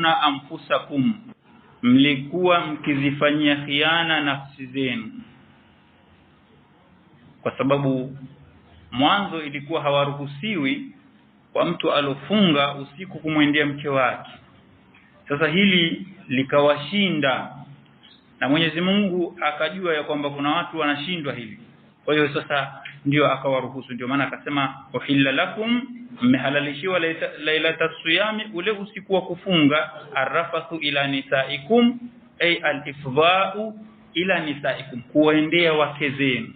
takhununa anfusakum mlikuwa mkizifanyia khiana nafsi zenu kwa sababu mwanzo ilikuwa hawaruhusiwi kwa mtu alofunga usiku kumwendea mke wake sasa hili likawashinda na Mwenyezi Mungu akajua ya kwamba kuna watu wanashindwa hili kwa hiyo sasa ndio akawaruhusu. Ndio maana akasema uhilla lakum, mmehalalishiwa lailata siyami, ule usiku wa kufunga. Arrafathu ila nisaikum, ay alifdhau ila nisaikum, kuendea wake zenu,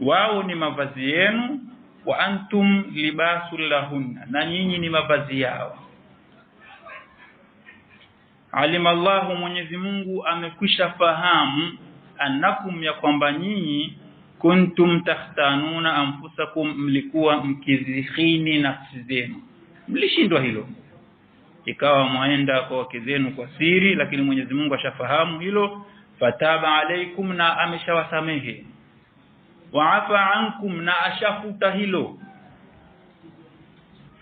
wao ni mavazi yenu. Wa antum libasu lahunna, na nyinyi ni mavazi yao. Alima Allahu, Mwenyezi Mungu amekwisha fahamu, annakum, ya kwamba nyinyi kuntum takhtanuna anfusakum, mlikuwa mkizihini nafsi zenu, mlishindwa hilo ikawa mwaenda kwa wake zenu kwa siri, lakini Mwenyezi Mungu ashafahamu hilo. Fataba alaikum, na ameshawasamehe. Waafa ankum, na ashafuta hilo.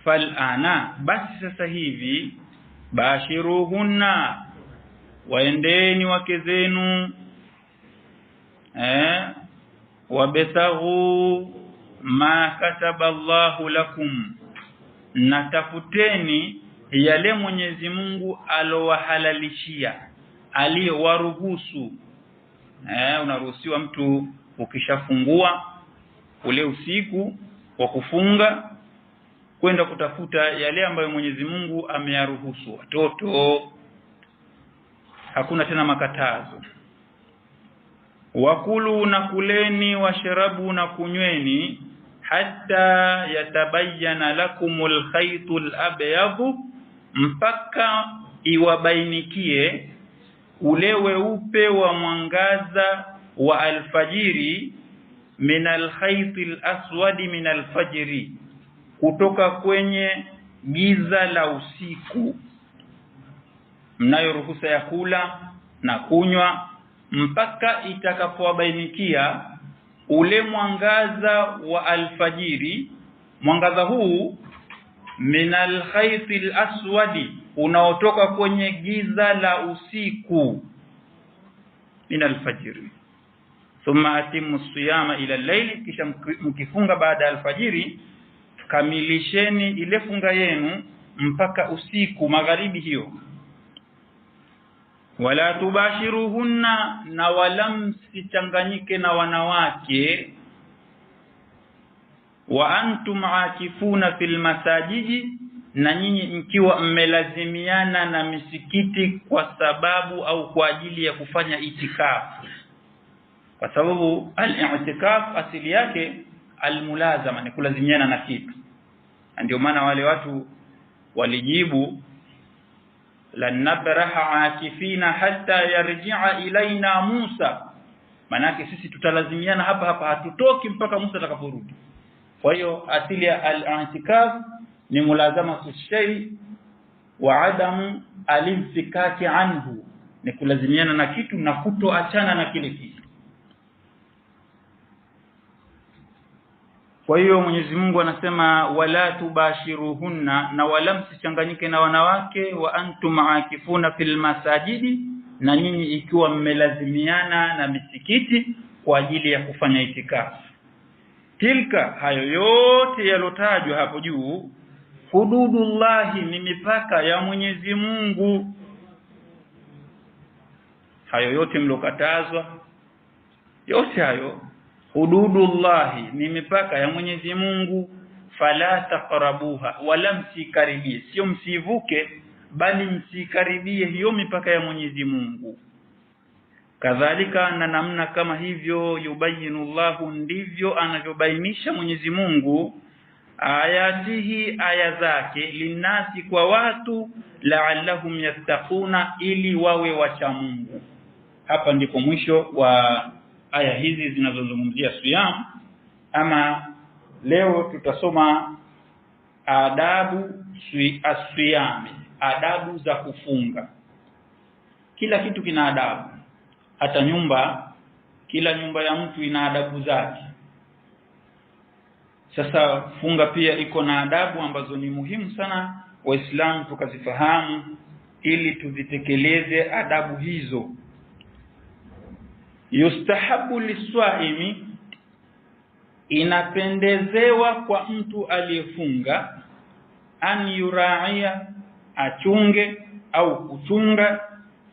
Falana, basi sasa hivi, bashiruhunna, waendeni wake zenu eh wabtaghu ma kataba Allahu lakum, na tafuteni yale Mwenyezi Mungu alowahalalishia aliyowaruhusu. Eh, unaruhusiwa mtu ukishafungua ule usiku wa kufunga kwenda kutafuta yale ambayo Mwenyezi Mungu ameyaruhusu watoto. Hakuna tena makatazo wakulu na kuleni washarabu na kunyweni hatta yatabayyana lakum khaytul abyad mpaka iwabainikie ule weupe wa mwangaza wa alfajiri min alkhaytil aswadi min alfajiri kutoka kwenye giza la usiku mnayo ruhusa ya kula na kunywa mpaka itakapowabainikia ule mwangaza wa alfajiri mwangaza huu min alkhaythi alaswadi unaotoka kwenye giza la usiku min alfajiri thumma atimu siyama ila layli kisha mkifunga baada ya alfajiri kamilisheni ile funga yenu mpaka usiku magharibi hiyo wala tubashiruhunna na wala msichanganyike na wanawake wa antum akifuna fil masajidi na nyinyi mkiwa mmelazimiana na misikiti kwa sababu au kwa ajili ya kufanya itikafu kwa sababu al-i'tikaf asili yake almulazama ni kulazimiana na kitu ndio maana wale watu walijibu lan nabraha akifina hatta yarji'a ilaina Musa manake sisi tutalazimiana hapa hapa hatutoki mpaka Musa atakaporudi kwa hiyo asili ya al-i'tikaf ni mulazama kushay wa adam alimsikati anhu ni kulazimiana na kitu na kutoachana na kile kitu Kwa hiyo Mwenyezi Mungu anasema wala tubashiruhunna, na wala msichanganyike na wanawake, wa antum akifuna fil masajidi, na nyinyi ikiwa mmelazimiana na misikiti kwa ajili ya kufanya itikafu. Tilka, hayo yote yalotajwa hapo juu, hududullahi, ni mipaka ya Mwenyezi Mungu. Hayo yote mlokatazwa, yote hayo hududullahi ni mipaka ya Mwenyezi Mungu fala taqrabuha wala msikaribie sio msivuke bali msikaribie hiyo mipaka ya Mwenyezi Mungu kadhalika na namna kama hivyo yubayinu llahu ndivyo anavyobainisha Mwenyezi Mungu ayatihi aya zake linasi kwa watu la'allahum yattaquna ili wawe wacha Mungu hapa ndipo mwisho wa aya hizi zinazozungumzia siyam ama leo tutasoma adabu asiyami adabu za kufunga kila kitu kina adabu hata nyumba kila nyumba ya mtu ina adabu zake sasa funga pia iko na adabu ambazo ni muhimu sana waislamu tukazifahamu ili tuzitekeleze adabu hizo yustahabu liswaimi inapendezewa kwa mtu aliyefunga an yuraia achunge au kuchunga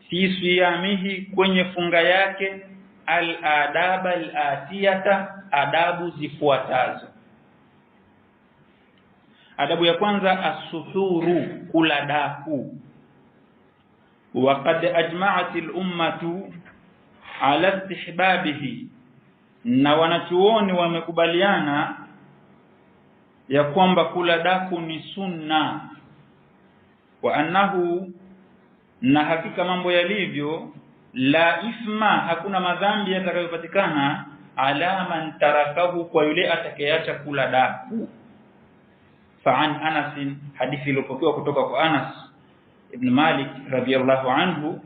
fi siyamihi kwenye funga yake al-adaba al-atiyata adabu zifuatazo adabu ya kwanza asuhuru kula daku waqad ajma'at al ala istihbabihi na wanachuoni wamekubaliana ya kwamba kula daku ni sunna wa annahu na hakika mambo yalivyo la ithma hakuna madhambi yatakayopatikana ala man tarakahu kwa yule atakayeacha kula daku fa an Anas hadithi iliyopokewa kutoka kwa Anas ibn Malik radiyallahu anhu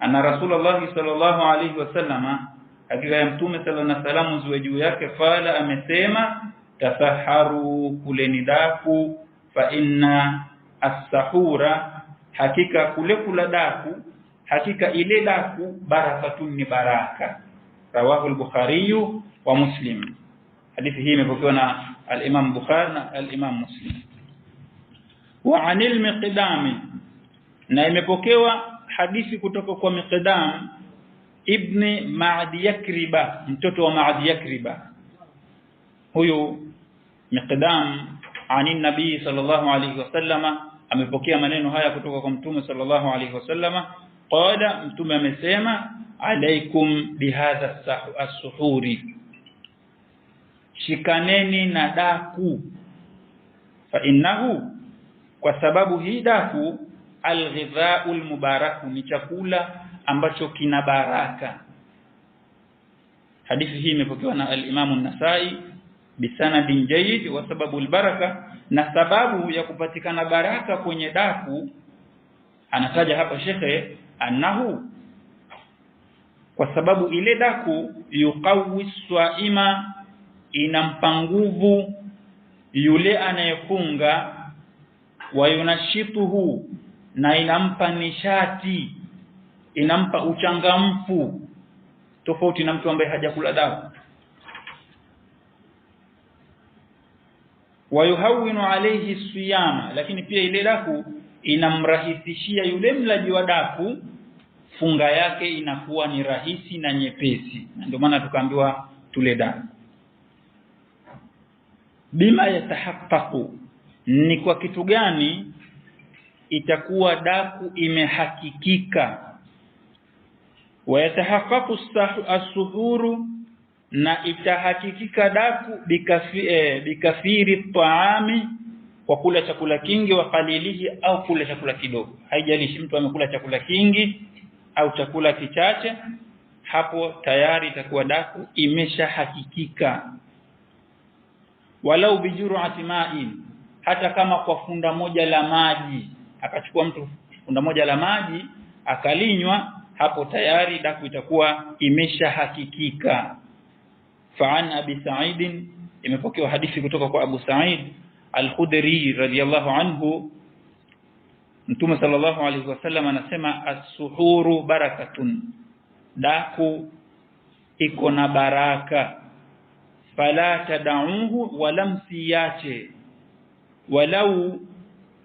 ana rasulullah sallallahu alayhi wasallama hakika ya mtume sallallahu salamu ziwe juu yake fala amesema tasaharu kuleni daku fa inna as-sahura hakika kule kula daku hakika ile daku barakatun ni baraka rawahu al-bukhari wa muslim hadithi hii imepokewa na al-imam bukhari na al-imam muslim wa anil miqdami na imepokewa hadithi kutoka kwa Miqdam ibn Ma'di Yakriba mtoto wa Ma'di Yakriba huyu Miqdam ani nabii sallallahu alayhi wasallama amepokea maneno haya kutoka kwa mtume sallallahu alayhi wasallama qala mtume amesema alaikum bihadha as-suhuri shikaneni na daku fa innahu kwa sababu hii daku alghidhaul mubaraku ni chakula ambacho kina baraka hadithi hii imepokewa na al-Imam an-Nasa'i bisanadin jayyid wa sababu al-baraka na sababu ya kupatikana baraka kwenye daku anataja hapa shekhe annahu kwa sababu ile daku yuqawi swaima inampa nguvu yule anayefunga wa yunashituhu na inampa nishati inampa uchangamfu tofauti na mtu ambaye hajakula dawa wayuhawinu alayhi siyama lakini pia ile daku inamrahisishia yule mlaji wa daku funga yake inakuwa ni rahisi na nyepesi ndio maana tukaambiwa tule daku bima yatahaqqaqu ni kwa kitu gani itakuwa daku imehakikika yatahaqqaqu as-suhuru na itahakikika daku bikafi, eh, bikafiri taami kwa kula chakula kingi wa qalilihi au kula chakula kidogo haijalishi mtu amekula chakula kingi au chakula kichache hapo tayari itakuwa daku imeshahakikika walau bijuru atimain hata kama kwa funda moja la maji akachukua mtu funda moja la maji akalinywa hapo tayari daku itakuwa imeshahakikika fa'an abi sa'id imepokewa hadithi kutoka kwa Abu Sa'id al-Khudri radiyallahu anhu Mtume sallallahu alayhi wasallam anasema as-suhuru barakatun daku iko na baraka fala tad'uhu wala walau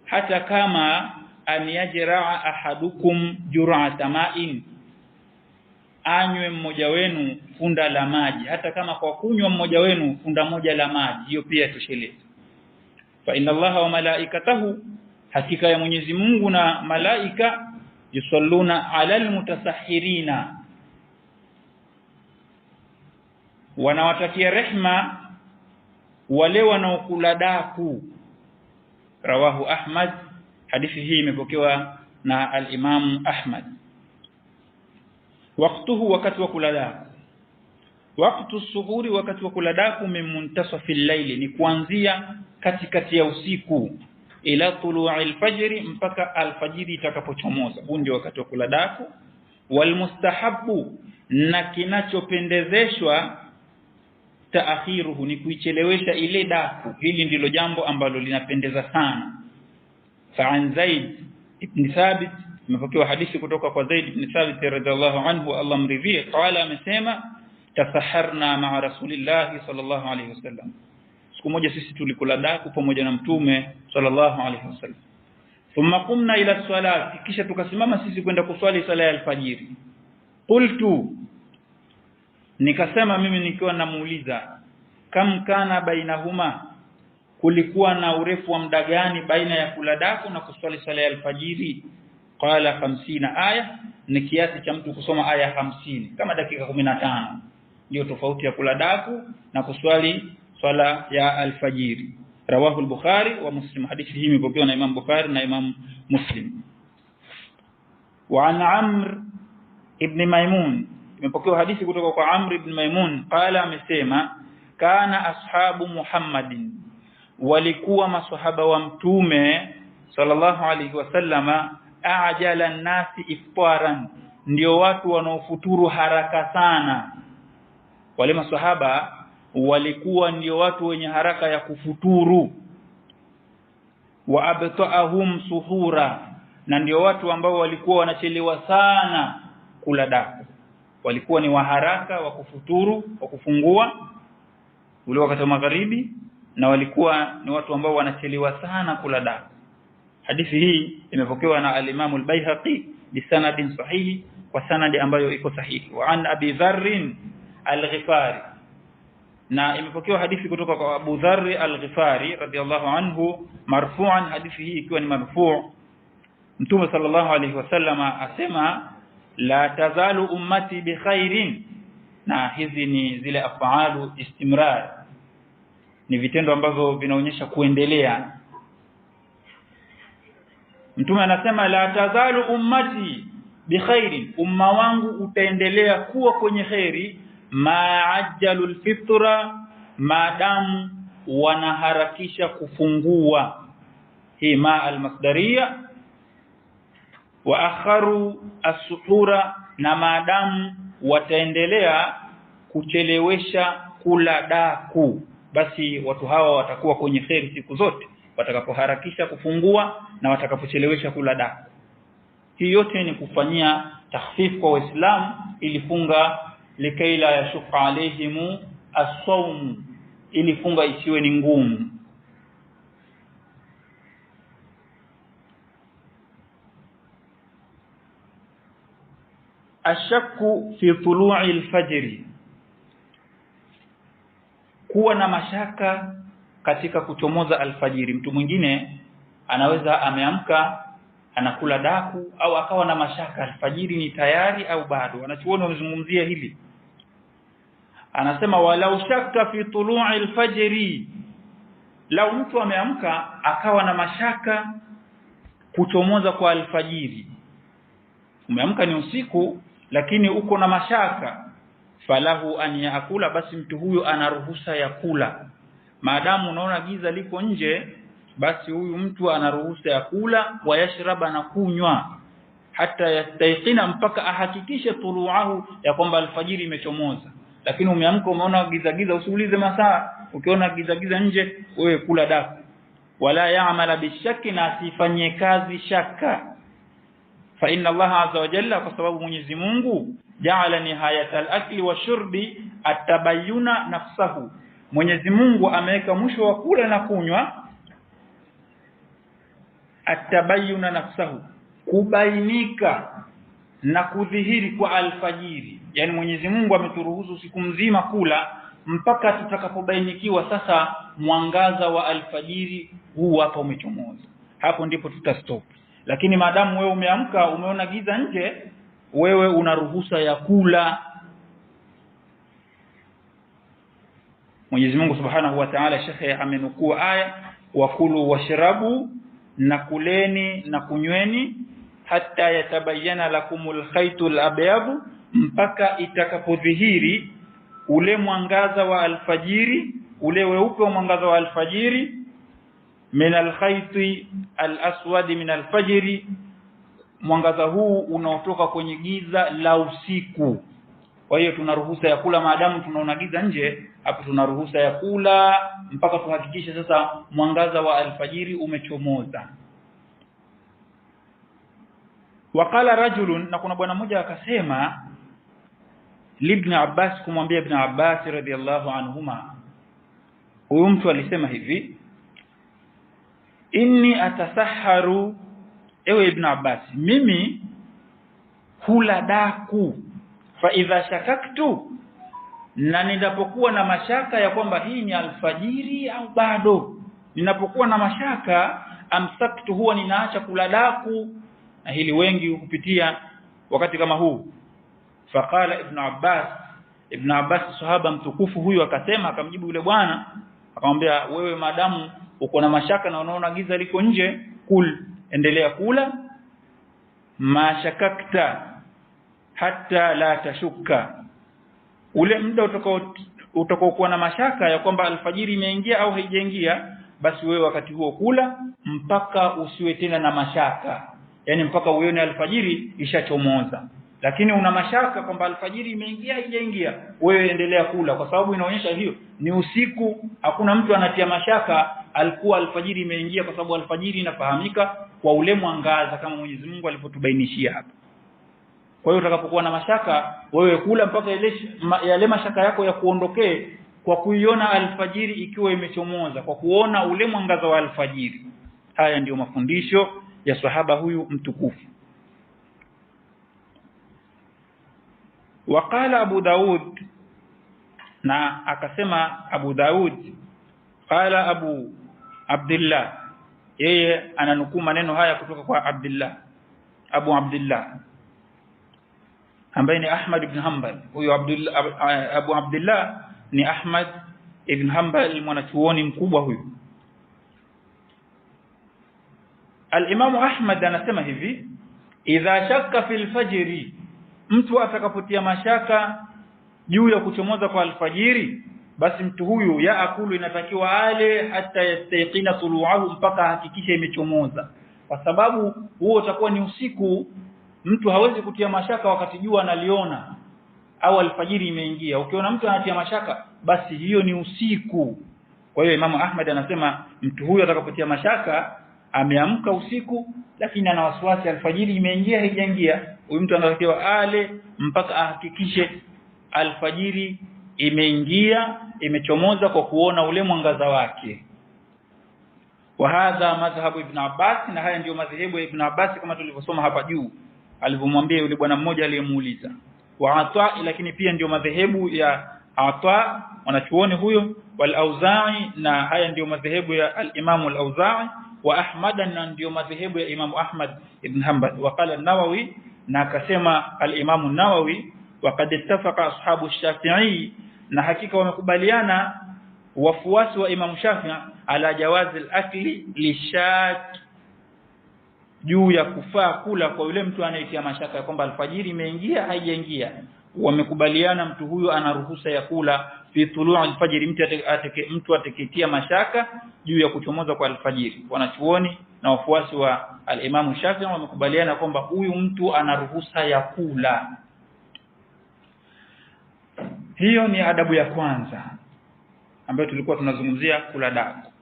hata kama an yajraa ahadukum jur'ata ma'in anywe mmoja wenu funda la maji hata kama kwa kunywa mmoja wenu funda moja la maji hiyo pia tosheleza fa inna allaha wa malaikatahu hakika ya Mwenyezi Mungu na malaika yusalluna alal mutasahhirina wanawatakia rehma wale wanaokula daku rawahu Ahmad hadithi hii imepokewa na al-Imam Ahmad waqtuhu wakati wa kulala waqtu suhuri wakati wa kuladaku min muntasafi al ni kuanzia katikati ya usiku ila tului fajri mpaka alfajiri itakapochomoza huu ndio wakati wa kuladaku walmustahabu na kinachopendezeshwa taakhiruhu ni kuichelewesha ile daku hili ndilo jambo ambalo linapendeza sana fa an zaid ibn thabit imepokewa hadithi kutoka kwa zaid ibn thabit radhiallahu anhu Allah mridhie qala amesema tasaharna ma'a rasulillah sallallahu alayhi wasallam siku moja sisi tulikula daku pamoja na mtume sallallahu alayhi wasallam thumma qumna ila salati kisha tukasimama sisi kwenda kuswali sala ya alfajiri qultu nikasema mimi nikiwa namuuliza kam kana bainahuma kulikuwa na urefu wa muda gani baina ya kuladaku na kuswali swala ya alfajiri qala 50 aya ni kiasi cha mtu kusoma aya hamsini kama dakika 15 ndio tofauti ya kuladaku na kuswali swala ya alfajiri rawahu al-bukhari wa muslim hadithi hii imepokewa na imam bukhari na imam muslim wa an amr ibn maimun imepokewa hadithi kutoka kwa Amr ibn Maimun qala amesema kana ashabu Muhammadin walikuwa maswahaba wa mtume sallallahu alayhi wasallama ajala nasi iftaran ndio watu wanaofuturu haraka sana wale maswahaba walikuwa ndio watu wenye haraka ya kufuturu wa abtaahum suhura na ndio watu ambao walikuwa wanachelewa sana kula daku walikuwa ni waharaka wa kufuturu wa kufungua ule wakati wa magharibi na walikuwa ni watu ambao wanachelewa sana kula daka hadithi hii imepokewa na al-Imam al-Baihaqi bisanadin sahihi kwa sanadi ambayo iko sahihi wa an Abi Dharr al-Ghifari na imepokewa hadithi kutoka kwa Abu Dharr al-Ghifari radhiyallahu anhu marfu'an hadithi hii ikiwa ni marfu' Mtume sallallahu alayhi wasallam asema la tazalu ummati khairin na hizi ni zile afaalu istimrar ni vitendo ambavyo vinaonyesha kuendelea Mtume anasema la tazalu ummati khairin umma wangu utaendelea kuwa kwenye khairi maajjalul fitra maadamu wanaharakisha kufungua hii ma almasdaria wa akharu asuhura na maadamu wataendelea kuchelewesha kula daku basi watu hawa watakuwa kwenye kheri siku zote watakapoharakisha kufungua na watakapochelewesha kula daku hii yote ni kufanyia takhfif kwa waislamu ilifunga likaila ya shuka as-sawm ili funga isiwe ni ngumu ashakku fi tulu'i alfajri kuwa na mashaka katika kuchomoza alfajiri mtu mwingine anaweza ameamka anakula daku au akawa na mashaka alfajiri ni tayari au bado wanachuoni wamezungumzia hili anasema walau shakka fi tulu'i alfajri lau mtu ameamka akawa na mashaka kuchomoza kwa alfajiri umeamka ni usiku lakini uko na mashaka falahu an yaakula basi mtu huyo anaruhusa ya kula maadamu unaona giza liko nje basi huyu mtu anaruhusa ya kula wayashraba na kunywa hata yastaiqina mpaka ahakikishe tuluahu ya kwamba alfajiri imechomoza lakini umeamka umeona giza giza usiulize masaa ukiona giza giza nje wewe kula dafu wala yaamala bishaki na asifanye kazi shaka fa inna Allah azza wa jalla, kwa sababu Mwenyezi Mungu jaala nihayata al-akli wa shurbi atabayuna nafsahu, Mwenyezi Mungu ameweka mwisho wa kula na kunywa atabayuna nafsahu, kubainika na kudhihiri kwa alfajiri. Yani Mwenyezi Mungu ameturuhusu siku mzima kula mpaka tutakapobainikiwa sasa mwangaza wa alfajiri huu hapa umechomoza, hapo ndipo tutastop lakini maadamu wewe umeamka umeona giza nje wewe una ruhusa ya kula Mwenyezi Mungu Subhanahu wa Ta'ala Sheikh amenukuu aya wakulu washrabu na kuleni na kunyweni hata yatabayana lakumul khaytul abyad mpaka itakapodhihiri ule mwangaza wa alfajiri ule weupe wa mwangaza wa alfajiri min alkhaiti alaswadi min alfajiri mwangaza huu unaotoka kwenye giza la usiku kwa hiyo tuna ruhusa ya kula maadamu tunaona giza nje hapo tuna ruhusa ya kula mpaka tuhakikishe sasa mwangaza wa alfajiri umechomoza waqala rajulun na kuna bwana mmoja akasema libn Abbas kumwambia ibn Abbas radhiallahu anhuma huyu mtu alisema hivi inni atasaharu, ewe Ibn Abbas, mimi hula daku, fa idha shakaktu, na ninapokuwa na mashaka ya kwamba hii ni alfajiri au bado, ninapokuwa na mashaka amsaktu, huwa ninaacha kula daku, na hili wengi kupitia wakati kama huu. Faqala Ibn Abbas, Ibn Abbas sahaba mtukufu huyu akasema, akamjibu yule bwana akamwambia, wewe madamu uko na mashaka na unaona giza liko nje kul endelea kula mashakakta hata la tashuka ule muda utakao utakao na mashaka ya kwamba alfajiri imeingia au haijaingia basi wewe wakati huo kula mpaka usiwe tena na mashaka yani mpaka uone alfajiri ishachomoza lakini una mashaka kwamba alfajiri imeingia haijaingia wewe endelea kula kwa sababu inaonyesha hiyo ni usiku hakuna mtu anatia mashaka alikuwa alfajiri imeingia kwa sababu alfajiri inafahamika kwa ule mwangaza kama Mwenyezi Mungu alivyotubainishia hapa kwa hiyo utakapokuwa na mashaka wewe kula mpaka yale yale mashaka yako ya kuondokee kwa kuiona alfajiri ikiwa imechomoza kwa kuona ule mwangaza wa alfajiri haya ndiyo mafundisho ya sahaba huyu mtukufu waqala abu daud na akasema abu daud qala abu Abdullah yeye ananukuu maneno haya kutoka kwa Abdullah Abu Abdullah ambaye ni Ahmad ibn Hanbal huyo Abdullah Abu Abdullah ni Ahmad ibn Hanbal mwanachuoni mkubwa huyu Al-Imam Ahmad anasema hivi idha shakka fil fajri mtu atakapotia mashaka juu ya kuchomoza kwa alfajiri basi mtu huyu ya akulu inatakiwa ale hata yastayqina suluahu mpaka hakikisha imechomoza kwa sababu huo utakuwa ni usiku mtu hawezi kutia mashaka wakati jua analiona au alfajiri imeingia ukiona mtu anatia mashaka basi hiyo ni usiku kwa hiyo imamu Ahmad anasema mtu huyu atakapotia mashaka ameamka usiku lakini ana wasiwasi alfajiri imeingia haijaingia huyu mtu anatakiwa ale mpaka ahakikishe alfajiri imeingia imechomoza kwa kuona ule mwangaza wake wa hadha madhhabu ibn Abbas na haya ndiyo madhehebu ya ibn Abbas kama tulivyosoma hapa juu alivyomwambia yule bwana mmoja aliyemuuliza wa Ata lakini pia ndiyo madhehebu ya Ata wanachuoni huyo wal Auza'i na haya ndiyo madhehebu ya al-Imam al-Auza'i wa Ahmad na ndiyo madhehebu ya Imam Ahmad ibn Hanbal waqala an-Nawawi na akasema al-Imam an-Nawawi وقد اتفق أصحاب shafii na hakika wamekubaliana wafuasi wa Imam Shafi ala jawazi al-akli lishak juu ya kufaa kula kwa yule mtu anayetia mashaka kwamba alfajiri imeingia haijaingia wamekubaliana mtu huyo ana ruhusa ya kula fi tului alfajiri mtu atake, mtu ateketia mashaka juu ya kuchomoza kwa alfajiri wanachuoni na wafuasi wa alimamu Shafi'i wamekubaliana kwamba huyu mtu ana ruhusa ya kula hiyo ni adabu ya kwanza ambayo tulikuwa tunazungumzia kula dagu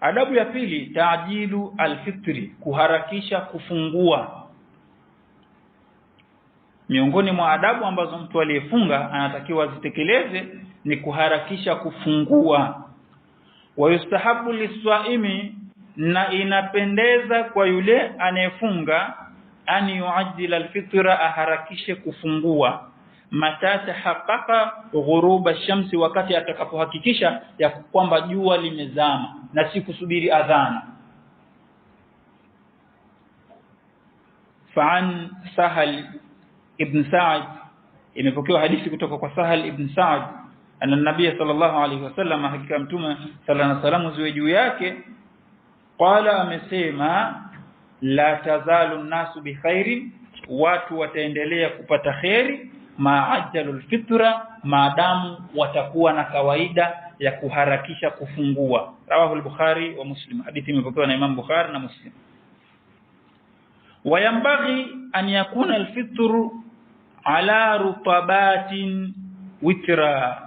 Adabu ya pili taajilu alfitri, kuharakisha kufungua. Miongoni mwa adabu ambazo mtu aliyefunga anatakiwa azitekeleze ni kuharakisha kufungua. Wayustahabu liswaimi, na inapendeza kwa yule anayefunga an yuajila alfitra, aharakishe kufungua mata tahaqqaqa ghuruba ash-shamsi, wakati atakapohakikisha ya kwamba jua limezama na si kusubiri adhana. Fa'an Sahal ibn Sa'd imepokewa hadithi kutoka kwa Sahal ibn Sa'd anna nabiy sallallahu alayhi wasallam hakika mtume sallallahu alayhi wasallam ziwe juu yake qala amesema la tazalu nasu bi khairin watu wataendelea kupata khairi maajalul fitra maadamu watakuwa na kawaida ya kuharakisha kufungua rawahu al-bukhari wa muslim hadithi imepokewa na imam bukhari na muslim wayambaghi an yakuna al-fitru ala rutabatin witra